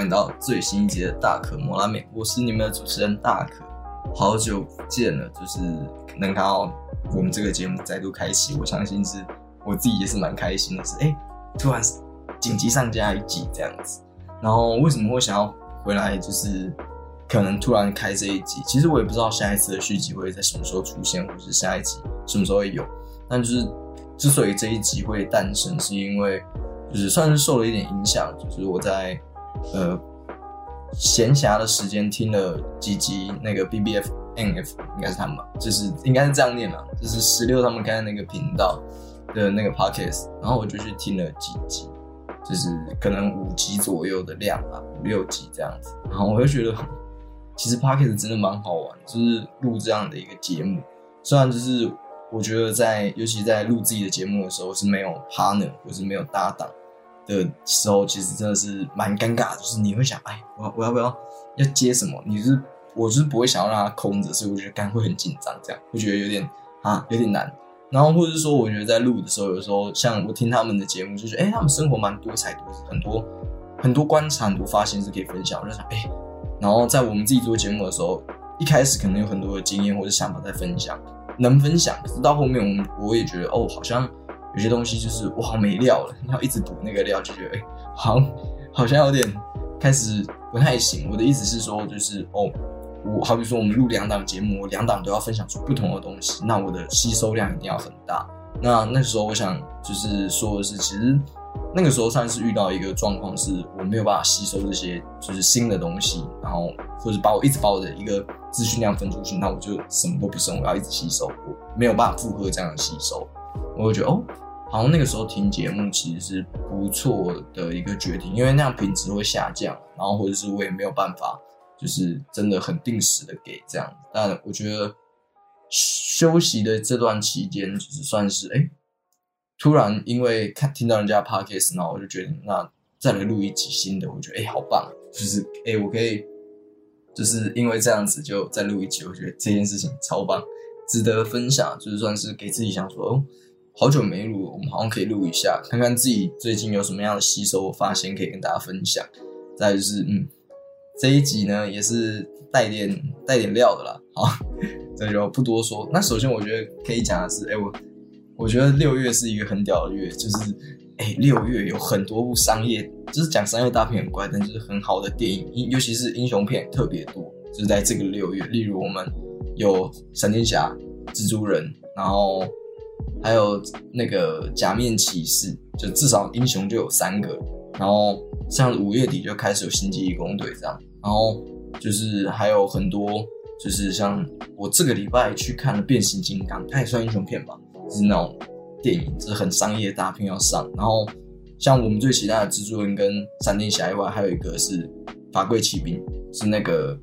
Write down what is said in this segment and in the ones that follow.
看到最新一集的大可摩拉 MAN，我是你們的主持人大可，好久不見了，就是能看到我們這個節目再度開啟，我相信是我自己也是蠻開心的是，是哎，突然緊急上架一集這樣子，然後為什麼會想要回來，就是可能突然開這一集，其實我也不知道下一次的續集會在什麼時候出現，或者是下一集什麼時候會有，但就是之所以這一集會誕生，是因為就是算是受了一點影響，就是我在。呃，閒暇的時間聽了幾集那個 B B F N F，應該是他們吧，就是應該是這樣念嘛，就是16他們開的那個頻道的那個 Podcast，然後我就去聽了幾集，就是可能五集左右的量吧，五六集這樣子，然後我就覺得其實 Podcast 真的蠻好玩，就是錄這樣的一個節目，雖然就是我覺得在尤其在錄自己的節目的時候，我是沒有 partner，我是沒有搭檔。的時候，其實真的是蠻尷尬的，就是你會想，哎，我我要不要要接什麼？你、就是我是不會想要讓它空着，所以我覺得干會很緊張，這樣會覺得有點啊有點難。然後或者是說，我覺得在錄的時候，有時候像我聽他們的節目就，就是，覺得哎，他們生活蠻多彩多姿，很多很多觀察，很多發現是可以分享。我就想，哎、欸，然後在我們自己做節目的時候，一開始可能有很多的經驗或者想法在分享，能分享。可是到後面，我們我也覺得哦，好像。有些東西就是我好沒料了，你要一直補那個料，就覺得哎，好，好像有點開始不太行。我的意思是說，就是哦，我好比說我們錄兩檔節目，我兩檔都要分享出不同的東西，那我的吸收量一定要很大。那那時候我想，就是說是，其實那個時候算是遇到一個狀況，是我沒有辦法吸收這些就是新的東西，然後或者把我一直把我的一個資訊量分出去，那我就什麼都不剩，我要一直吸收，我沒有辦法負荷這樣的吸收，我就覺得哦。好像那個時候聽節目其實是不錯的一個決定，因為那樣品質會下降，然後或者是我也沒有辦法，就是真的很定時的給這樣。但我覺得休息的這段期間，就是算是哎，突然因為看聽到人家 podcast 然後我就覺得那再來錄一集新的，我覺得哎好棒，就是哎我可以，就是因為這樣子就再錄一集，我覺得這件事情超棒，值得分享，就是算是給自己想說哦。好久沒錄，我們好像可以錄一下，看看自己最近有什麼樣的吸收、發現可以跟大家分享。再就是，嗯，這一集呢也是帶點帶點料的啦。好，這就不多說。那首先，我覺得可以講的是，哎，我我覺得六月是一個很屌的月，就是哎，六月有很多部商業，就是講商業大片很乖，但就是很好的電影，尤其是英雄片特別多，就是在這個六月。例如，我們有閃電俠、蜘蛛人，然後。還有那個假面騎士，就至少英雄就有三個。然後像五月底就開始有星際異攻隊這樣。然後就是還有很多，就是像我這個禮拜去看了變形金剛，它也算英雄片吧，就是那種電影，就是很商業的大片要上。然後像我們最期待的蜘蛛人跟閃電俠以外，還有一個是法櫃奇兵，是那個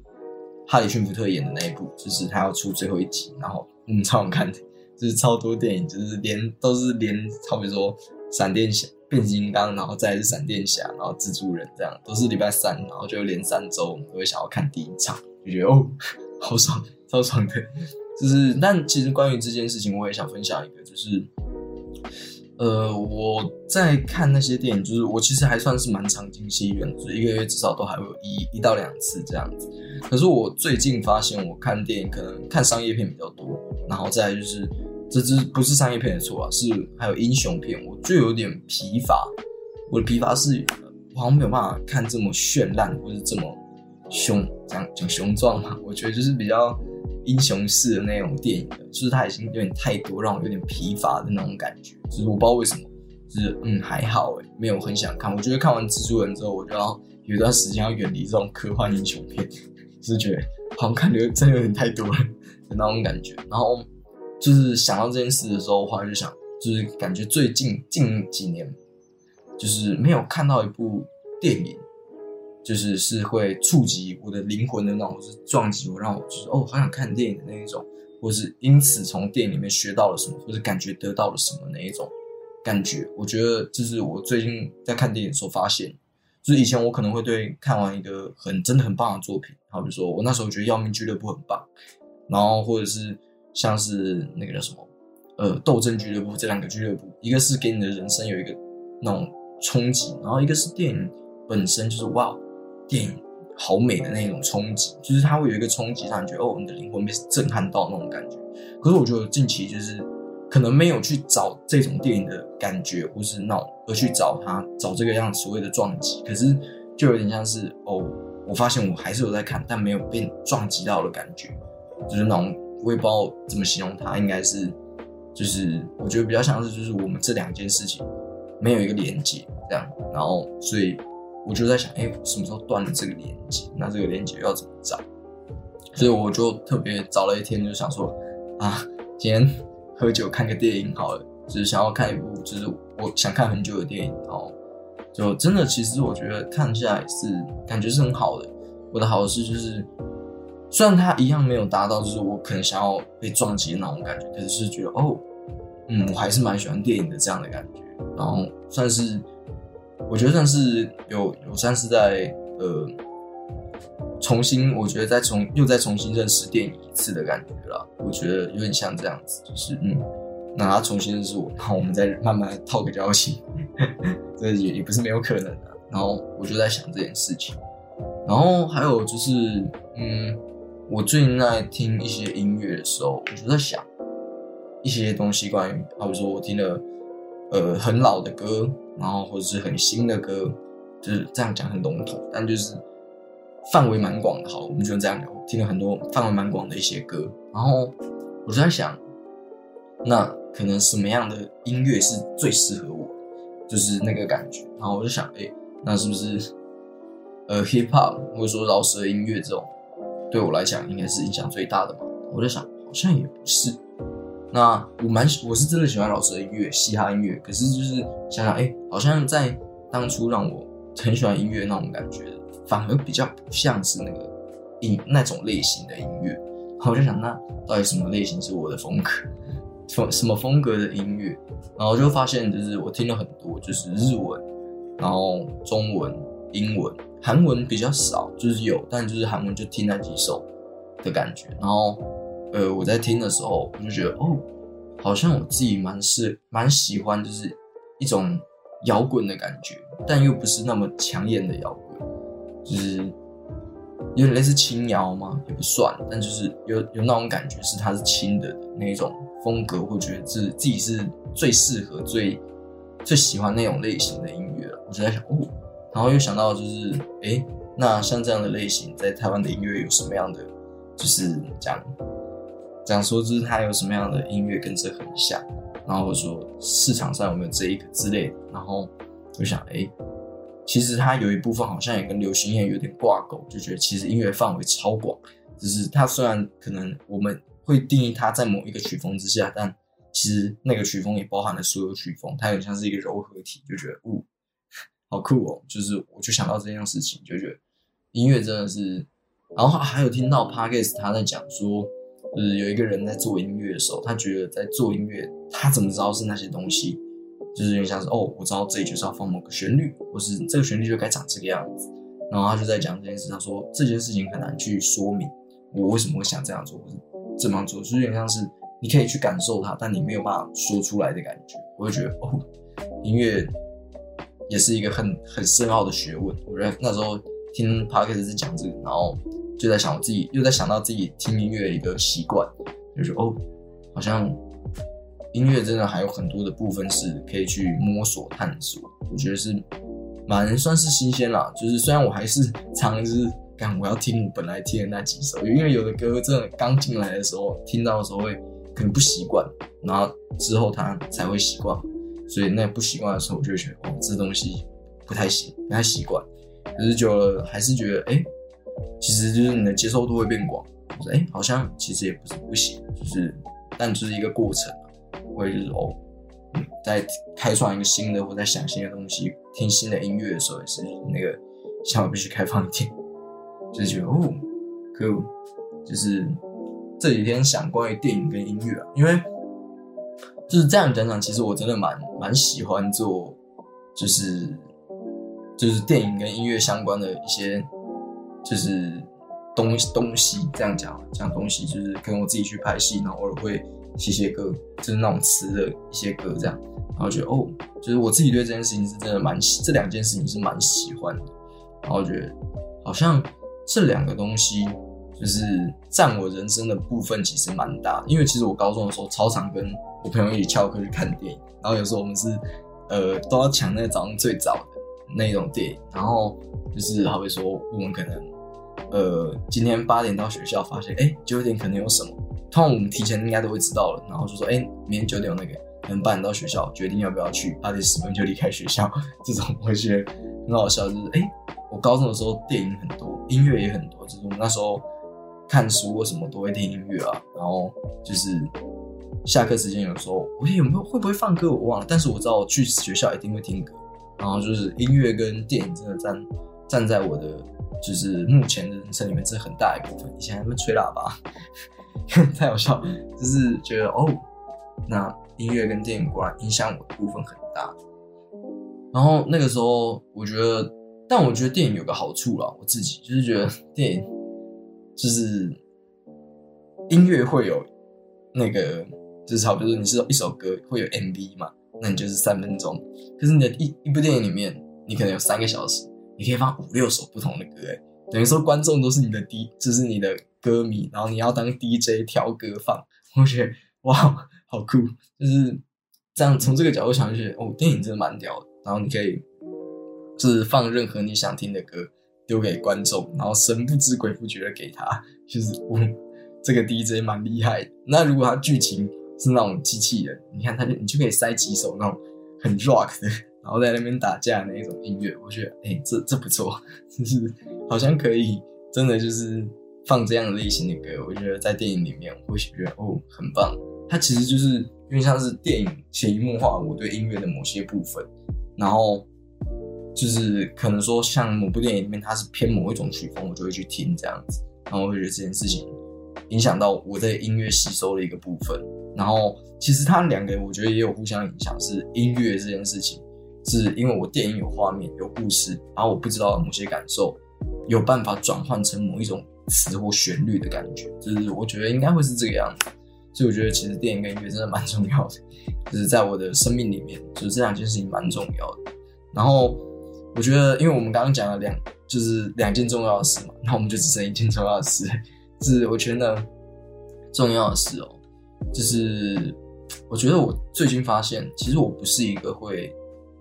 哈里遜福特演的那一部，就是他要出最後一集，然後嗯，超好看的。就是超多電影，就是連都是連，好比說閃電俠、變形金剛，然後再是閃電俠，然後蜘蛛人這樣，都是禮拜三，然後就連三周，我們都會想要看第一場，就覺得哦，好爽，超爽的。就是，但其實關於這件事情，我也想分享一個，就是，呃，我在看那些電影，就是我其實還算是蠻常進戲院，就一個月至少都還會有一一到兩次這樣子。可是我最近發現，我看電影可能看商業片比較多，然後再就是。這只不是商業片的錯啊，是還有英雄片，我就有點疲乏。我的疲乏是，我好像沒有辦法看這麼絢爛，或者這麼雄，講講雄壯嘛。我覺得就是比較英雄式的那種電影的，就是它已經有點太多，讓我有點疲乏的那種感覺。就是我不知道為什麼，就是嗯，還好誒，欸，沒有很想看。我覺得看完蜘蛛人之後，我就要有一段時間要遠離這種科幻英雄片，就是覺得好像看的真有點太多了的那種感覺。然後。就是想到這件事的時候，我後來就想，就是感覺最近近幾年，就是沒有看到一部電影，就是是會觸及我的靈魂的那種，就是撞擊我，讓我就是哦，好想看電影的那一種，或是因此從電影裡面學到了什麼，或者是感覺得到了什麼那一種感覺。我覺得，這是我最近在看電影所發現，就是以前我可能會對看完一個很真的很棒的作品，好比說我那時候覺得《要命俱樂部》很棒，然後或者是。像是那個叫什麼，呃，鬥爭俱樂部這兩個俱樂部，一個是給你的人生有一個那種衝擊，然後一個是電影本身就是哇，電影好美的那種衝擊，就是它會有一個衝擊，讓你覺得哦，你的靈魂被震撼到那種感覺。可是我覺得近期就是可能沒有去找這種電影的感覺，或是那種而去找它找這個樣子所謂的撞擊，可是就有點像是哦，我發現我還是有在看，但沒有被撞擊到的感覺，就是那種。我也不知道怎麼形容它，應該是就是我覺得比較像是就是我們這兩件事情沒有一個連接這樣，然後所以我就在想，哎、欸，什麼時候斷了這個連接？那這個連接要怎麼找？所以我就特別找了一天，就想說啊，今天喝酒看個電影好了，就是想要看一部就是我想看很久的電影，然後就真的其實我覺得看下來是感覺是很好的。我的好事就是。雖然他一樣沒有達到，就是我可能想要被撞擊的那種感覺，可是是覺得哦，嗯，我還是蠻喜歡電影的這樣的感覺。然後算是，我覺得算是有有算是在呃，重新我覺得再重又再重新認識電影一次的感覺了。我覺得有點像這樣子，就是嗯，那他重新認識我，然後我們再慢慢套個交情，這也也不是沒有可能的。然後我就在想這件事情。然後還有就是嗯。我最近在聽一些音樂的時候，我就在想一些東西關，關於，比如說我聽了呃很老的歌，然後或者是很新的歌，就是這樣講很籠統，但就是範圍蠻廣的好，我們就這樣聊，聽了很多範圍蠻廣的一些歌，然後我就在想，那可能什麼樣的音樂是最適合我？就是那個感覺。然後我就想，誒、欸，那是不是呃 hip hop 或者說饒舌音樂這種？對我來講，應該是影響最大的吧。我在想，好像也不是。那我蠻，我是真的喜歡老師的音樂，嘻哈音樂。可是就是想想，哎、欸，好像在當初讓我很喜歡音樂那種感覺，反而比較不像是那個音那種類型的音樂。我就想，那到底什麼類型是我的風格？風什麼風格的音樂？然後就發現，就是我聽了很多，就是日文，然後中文、英文。韓文比較少，就是有，但就是韓文就聽那幾首的感覺。然後，呃，我在聽的時候，我就覺得，哦，好像我自己蠻是蠻喜歡，就是一種搖滾的感覺，但又不是那麼搶眼的搖滾，就是有點類似輕搖嘛，也不算。但就是有有那種感覺，是它是輕的那一種風格，我覺得自自己是最適合、最最喜歡那種類型的音樂。我就在想，哦。然後又想到，就是哎，那像這樣的類型，在台灣的音樂有什麼樣的？就是講講說就是它有什麼樣的音樂跟這很像，然後說市場上有沒有這一個之類的。然後就想，哎，其實它有一部分好像也跟流行音樂有點掛鈎，就覺得其實音樂範圍超廣。就是它雖然可能我們會定義它在某一個曲風之下，但其實那個曲風也包含了所有曲風，它很像是一個柔和體，就覺得哦。呃好酷哦！就是我就想到這件事情，就覺得音樂真的是。然後還有聽到 Parkes 他在講說，就是有一個人在做音樂的時候，他覺得在做音樂，他怎麼知道是那些東西？就是有點像是哦，我知道這一節是要放某個旋律，或是這個旋律就該長這個樣子。然後他就在講這件事，他說這件事情很難去說明我為什麼會想這樣做，或是怎麼做，就以、是、有點像是你可以去感受它，但你沒有辦法說出來的感覺。我會覺得哦，音樂。也是一個很很深奧的學問。我覺得那時候聽 Podcast 是講這個，然後就在想，我自己又在想到自己聽音樂的一個習慣，就是哦，好像音樂真的還有很多的部分是可以去摸索探索。我覺得是蠻算是新鮮啦。就是雖然我還是嘗試，幹我要聽我本來聽的那幾首，因為有的歌真的剛進來的時候聽到的時候會可能不習慣，然後之後他才會習慣。所以那不習慣的時候，我就覺得哇，這東西不太行，不太習慣。可是久了還是覺得，哎、欸，其實就是你的接受度會變廣。我說，哎、欸，好像其實也不是不行，就是但這是一個過程，會、就是、哦、嗯，在開創一個新的或在想新的東西、聽新的音樂的時候，也是那個想法必須開放一點，就是覺得哦，可就是這幾天想關於電影跟音樂、啊，因為。就是這樣講講，其實我真的蠻蠻喜歡做，就是就是電影跟音樂相關的一些，就是東東西這樣講講東西，就是跟我自己去拍戲，然後偶爾會寫寫歌，就是那種詞的一些歌，這樣，然後我覺得哦，就是我自己對這件事情是真的蠻喜，這兩件事情是蠻喜歡的，然後我覺得好像這兩個東西。就是占我人生的部分其實蠻大，因為其實我高中的時候，超常跟我朋友一起翹課去看電影，然後有時候我們是，呃，都要搶那個早上最早的那一種電影，然後就是好比說我們可能，呃，今天八點到學校發現，哎、欸，九點可能有什麼，通常我們提前應該都會知道了，然後就說，哎、欸，明天九點有那個，可能八點到學校決定要不要去，八點十分就離開學校，這種我覺得很好笑，就是哎、欸，我高中的時候電影很多，音樂也很多，就是我們那時候。看書或什麼都會聽音樂啊，然後就是下課時間有時候我也有沒有會不會放歌我忘了，但是我知道我去學校一定會聽歌。然後就是音樂跟電影真的站站在我的就是目前的人生裡面，這是很大一部分。以前還會吹喇叭， 太好笑，就是覺得哦，那音樂跟電影果然影響我的部分很大。然後那個時候我覺得，但我覺得電影有個好處啦，我自己就是覺得電影。就是音樂會有那個，就是好，比如說，你是一首歌會有 MV 嘛？那你就是三分鐘。可是你的一一部電影裡面，你可能有三個小時，你可以放五六首不同的歌，欸。等於說觀眾都是你的 D，就是你的歌迷，然後你要當 DJ 調歌放。我覺得哇，好酷！就是這樣，從這個角度想，就覺得哦，電影真的蠻屌的。然後你可以就是放任何你想聽的歌。丟給觀眾，然後神不知鬼不覺的給他，就是、哦，這個 DJ 蠻厲害。那如果他劇情是那種機器人，你看他就你就可以塞幾首那種很 rock 的，然後在那邊打架的那種音樂，我覺得，哎、欸，這這不錯，就是好像可以，真的就是放這樣的類型的歌，我覺得在電影裡面，我會覺得哦，很棒。它其實就是因為像是電影潛移默化我對音樂的某些部分，然後。就是可能說，像某部電影裡面，它是偏某一種曲風，我就會去聽這樣子，然後我會覺得這件事情影響到我在音樂吸收的一個部分。然後其實它兩個我覺得也有互相影響，是音樂這件事情，是因為我電影有畫面、有故事，然後我不知道的某些感受，有辦法轉換成某一種詞或旋律的感覺，就是我覺得應該會是這個樣子。所以我覺得其實電影跟音樂真的蠻重要的，就是在我的生命裡面，就是這兩件事情蠻重要的。然後。我覺得，因為我們剛剛講了兩，就是兩件重要的事嘛，那我們就只剩一件重要的事，就是我覺得呢，重要的事哦，就是我覺得我最近發現，其實我不是一個會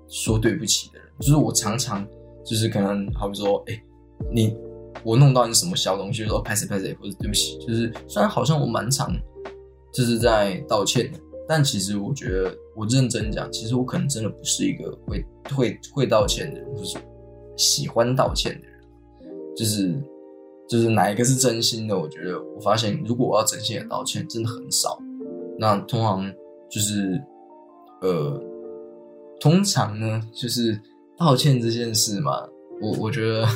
說對不起的人，就是我常常就是可能，好比說，哎、欸，你我弄到你什麼小東西哦，說 pass it pass it，或者對不起，就是雖然好像我蠻常就是在道歉，但其實我覺得。我認真講，其實我可能真的不是一個會會會道歉的人，就是喜歡道歉的人，就是就是哪一個是真心的？我覺得我發現，如果我要真心的道歉，真的很少。那通常就是呃，通常呢，就是道歉這件事嘛，我我覺得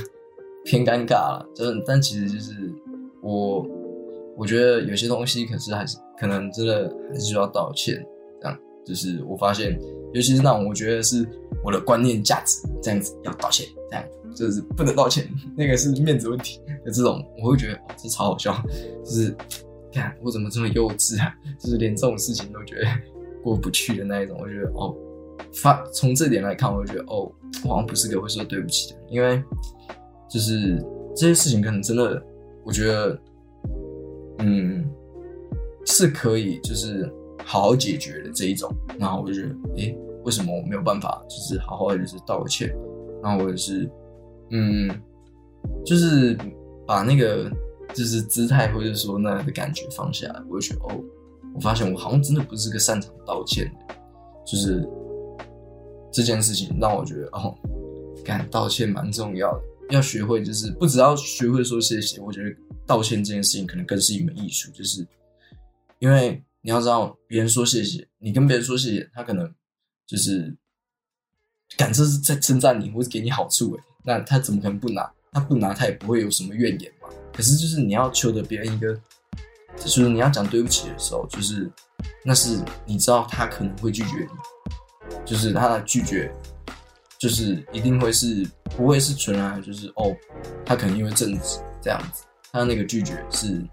偏尷尬了。但但其實就是我，我覺得有些東西，可是還是可能真的還是需要道歉。就是我發現，尤其是那種，我覺得是我的觀念、價值這樣子要道歉，這樣就是不能道歉，那個是面子問題。就這種，我會覺得哦，這超好笑。就是看我怎麼這麼幼稚啊！就是連這種事情都覺得過不去的那一種，我覺得哦，發從這點來看，我覺得哦，我好像不是個會說對不起的，因為就是這些事情可能真的，我覺得嗯是可以，就是。好好解決的這一種，然後我就覺得，誒、欸，為什麼我沒有辦法，就是好好的就是道個歉，然後我、就是，嗯，就是把那個就是姿態或者說那樣的感覺放下來，我就覺得，哦，我發現我好像真的不是個擅長道歉的，就是這件事情讓我覺得，哦，感道歉蠻重要的，要學會，就是不只要學會說謝謝，我覺得道歉這件事情可能更是一門藝術，就是因為。你要知道，別人說謝謝，你跟別人說謝謝，他可能就是感這是在稱讚你，或是給你好處欸、那、他怎麼可能不拿？他不拿，他也不會有什麼怨言嘛。可是，就是你要求得別人一個，就是你要講對不起的時候，就是那是你知道他可能會拒絕你，就是他的拒絕，就是一定會是不會是純然、啊、就是哦，他可能因為正直這樣子，他那個拒絕是。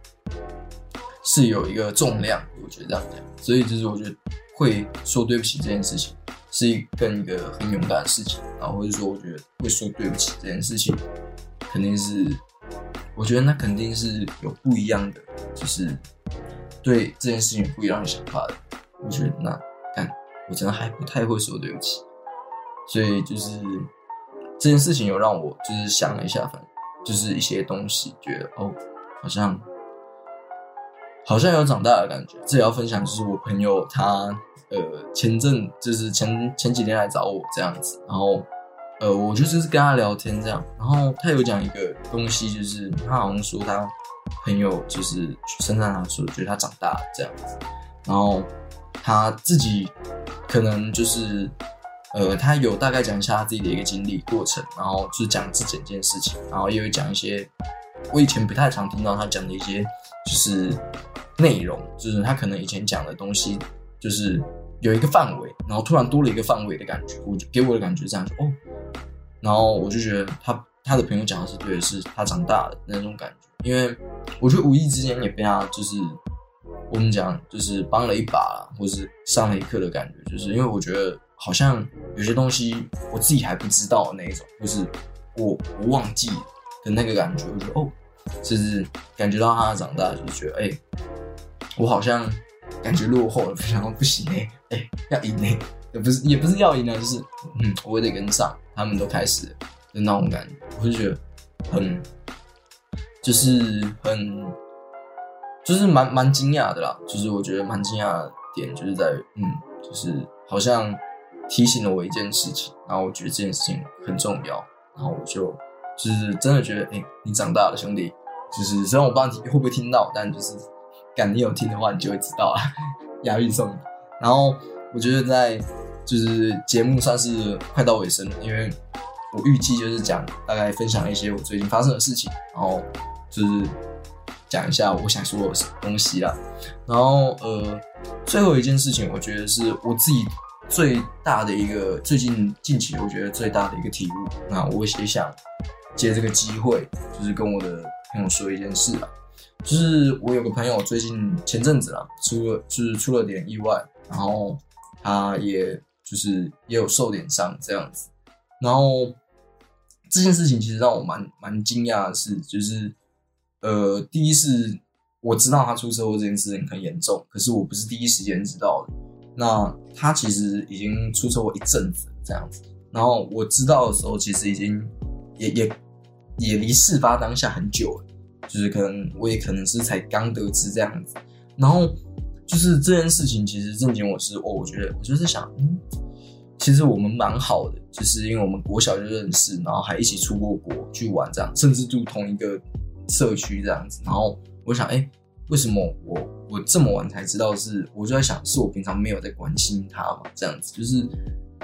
是有一個重量，我覺得這樣講，所以就是我覺得會說對不起這件事情，是一更一個很勇敢的事情，然後或者說我覺得會說對不起這件事情，肯定是，我覺得那肯定是有不一樣的，就是對這件事情不一樣的想法的。我覺得那，看，我真的還不太會說對不起，所以就是這件事情有讓我就是想了一下，反正就是一些東西，覺得哦，好像。好像有長大的感覺。自己要分享就是我朋友他，呃，前陣就是前前幾天來找我這樣子，然後，呃，我就是跟他聊天這樣，然後他有講一個東西，就是他好像說他朋友就是去深圳，他說覺得他長大了這樣子，然後他自己可能就是，呃，他有大概講一下他自己的一個經歷過程，然後就講這整件事情，然後也有講一些我以前不太常聽到他講的一些就是。內容就是他可能以前講的東西，就是有一個範圍，然後突然多了一個範圍的感覺。我就給我的感覺是這樣子哦，然後我就覺得他他的朋友講的是對的，是他長大的那種感覺。因為我覺得無意之間也被他，就是我們講就是幫了一把，或是上了一課的感覺。就是因為我覺得好像有些東西我自己還不知道那一種，就是我我忘記的那個感覺，我就哦，甚、就是感覺到他長大，就是，覺得哎。欸我好像感覺落後了，非常不行嘞、欸，哎、欸，要贏嘞、欸,也不是也不是要贏了，就是嗯，我也得跟上。他們都開始的那種感覺，我就覺得很，就是很，就是蠻蠻驚訝的啦。就是我覺得蠻驚訝的點，就是在於嗯，就是好像提醒了我一件事情，然後我覺得這件事情很重要，然後我就就是真的覺得，哎、欸，你長大了，兄弟，就是雖然我不知道你會不會聽到，但就是。感你有聽的話，你就會知道啊，押韻送。然後我覺得在就是節目算是快到尾聲了，因為我預計就是講大概分享一些我最近發生的事情，然後就是講一下我想說的東西啦。然後呃，最後一件事情，我覺得是我自己最大的一個最近近期我覺得最大的一個體悟。那我也想借這個機會，就是跟我的朋友說一件事吧。就是我有個朋友，最近前陣子啦，出了就是出了點意外，然後他也就是也有受點傷這樣子。然後這件事情其實讓我蠻蠻驚訝的是，就是呃，第一是我知道他出車禍這件事情很嚴重，可是我不是第一時間知道的。那他其實已經出車禍一陣子這樣子，然後我知道的時候，其實已經也也也離事發當下很久了。就是可能我也可能是才剛得知這樣子，然後就是這件事情其實震驚我，是哦，我覺得我就是想，嗯，其實我們蠻好的，就是因為我們國小就認識，然後還一起出過國去玩這樣，甚至住同一個社區這樣子。然後我想，哎、欸，為什麼我我這麼晚才知道是？是我就在想，是我平常沒有在關心他嘛？這樣子就是，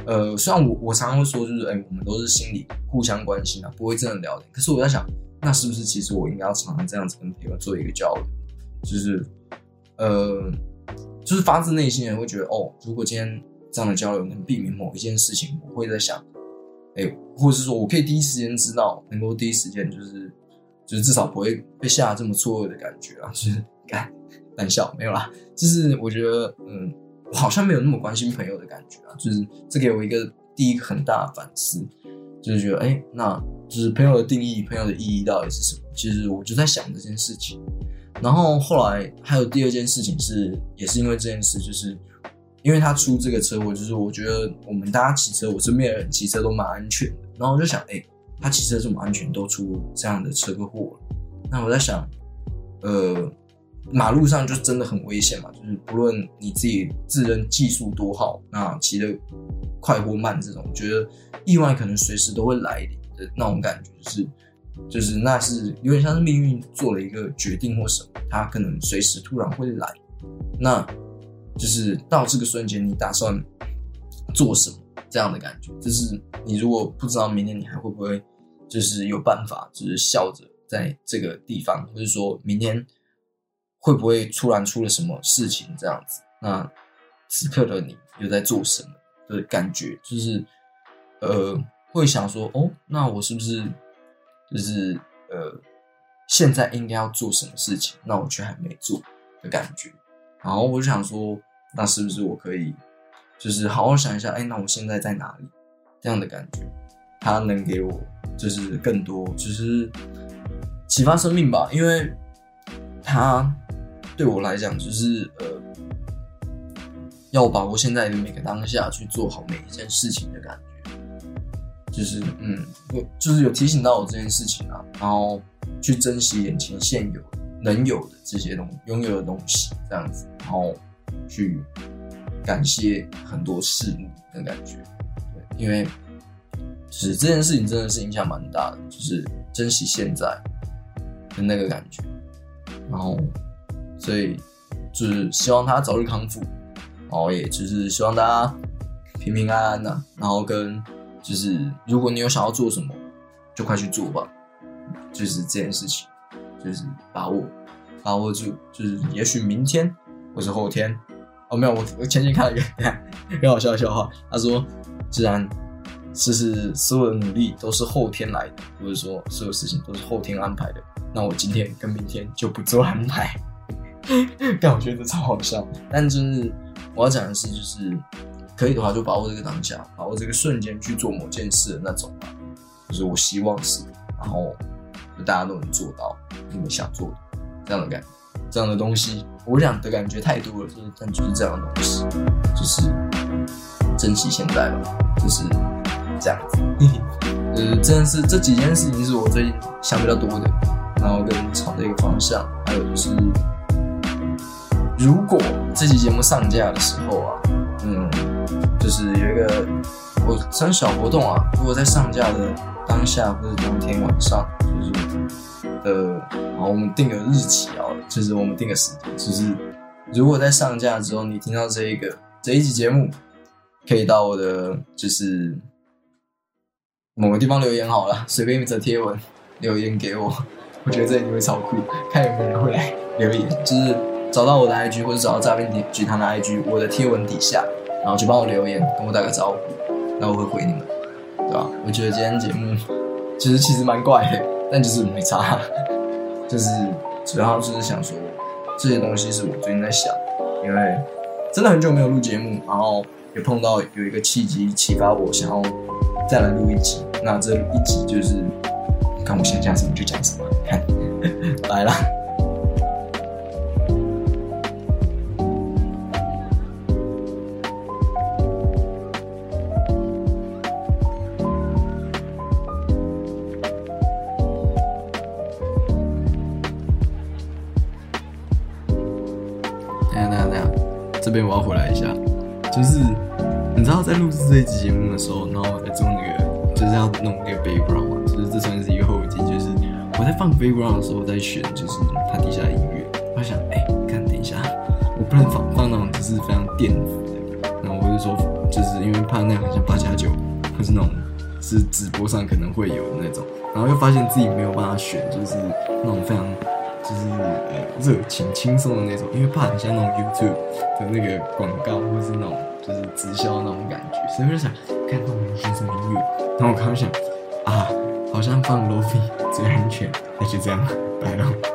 呃，雖然我我常常會說，就是哎、欸，我們都是心裡互相關心啊，不會真的聊天。可是我在想。那是不是其實我應該要常常這樣子跟朋友做一個交流，就是，呃，就是發自內心的人會覺得，哦，如果今天這樣的交流能避免某一件事情，我會在想，哎、欸，或者是說我可以第一時間知道，能夠第一時間就是，就是至少不會被嚇這麼錯愕的感覺啊，就是干膽小沒有啦，就是我覺得，嗯，我好像沒有那麼關心朋友的感覺啊，就是這給我一個第一個很大的反思。就是覺得，哎，那就是朋友的定義，朋友的意義到底是什麼？其實我就在想這件事情。然後後來還有第二件事情是，也是因為這件事，就是因為他出這個車禍，就是我覺得我們大家騎車，我身邊的人騎車都蠻安全的。然後我就想，哎，他騎車這麼安全，都出這樣的車禍，那我在想，呃，馬路上就真的很危險嘛？就是不論你自己自認技術多好，那騎的。快或慢，這種覺得意外可能隨時都會來的那種感覺就，是，就是那是有點像是命運做了一個決定，或什麼，它可能隨時突然會來。那，就是到這個瞬間，你打算做什麼？這樣的感覺，就是你如果不知道明天你還會不會，就是有辦法，就是笑着在這個地方，或者說明天會不會突然出了什麼事情，這樣子。那此刻的你又在做什麼？的感覺就是，呃，會想說，哦，那我是不是就是呃，現在應該要做什麼事情？那我卻還沒做的感覺。然後我就想說，那是不是我可以就是好好想一下？哎、欸，那我現在在哪裡？這樣的感覺，它能給我就是更多，就是啟發生命吧。因為它對我來講就是呃。要把握現在的每個當下，去做好每一件事情的感覺，就是嗯，有就是有提醒到我這件事情啊，然後去珍惜眼前現有的能有的這些東西，擁有的東西這樣子，然後去感謝很多事物的感覺，對，因為，其實這件事情真的是影響蠻大的，就是珍惜現在的那個感覺，然後，所以就是希望他早日康復。好耶，就是希望大家平平安安的，啊，然後跟就是如果你有想要做什麼，就快去做吧，就是這件事情，就是把握，把握住，就是也許明天或是後天哦，沒有，我我前天看了一個一很好笑的笑話，他說，既然，就是所有的努力都是後天來的，或者說所有事情都是後天安排的，那我今天跟明天就不做安排，但我覺得超好笑，但就是。我要講的是，就是可以的話就把握這個當下，把握這個瞬間去做某件事的那種，就是我希望是，然後就大家都能做到，你們想做的這樣的感覺，這樣的東西，我想的感覺太多了，就是但就是這樣的東西，就是珍惜現在吧，就是這樣子，呃， 真的是這幾件事情是我最近想比較多的，然後跟朝的一個方向，還有就是。如果這期節目上架的時候啊，嗯，就是有一個我穿小活動啊，如果在上架的當下或者當天晚上，就是呃，好，我們定個日期啊，就是我們定個時間，就是如果在上架之後，你聽到這一個這一期節目，可以到我的就是某個地方留言好了，隨便一則貼文留言給我，我覺得這一定會超酷，看有沒有人會來留言，就是。找到我的 IG 或者找到詐騙集團的 IG，我的貼文底下，然後就幫我留言，跟我打個招呼，那我會回你們，對吧？我覺得今天節目、就是、其實其實蠻怪的，但就是沒差，就是主要就是想說這些東西是我最近在想，因為真的很久沒有錄節目，然後也碰到有一個契機啟發我想要再來錄一集，那這一集就是看我現在講什麼就講什麼，看來啦我要回來一下，就是你知道在錄製這一集節目的時候，然後在做那個就是要弄那個 background，就是這算是一個後遺症。就是我在放 background 的時候，在選就是它底下的音樂，我想哎，欸、看等一下，我不能放放那種就是非常電子的，然後我就說就是因為怕那樣像八加九，或是那種是直播上可能會有的那種，然後又發現自己沒有辦法選，就是那種非常。就是呃熱情輕鬆的那種，因為怕很像那種 YouTube 的那個廣告，或是那種就是直銷那種感覺，所以我就想看他們有什麼音樂。然後我剛想啊，好像放 Lofi 最安全，那就這樣吧。拜嘍。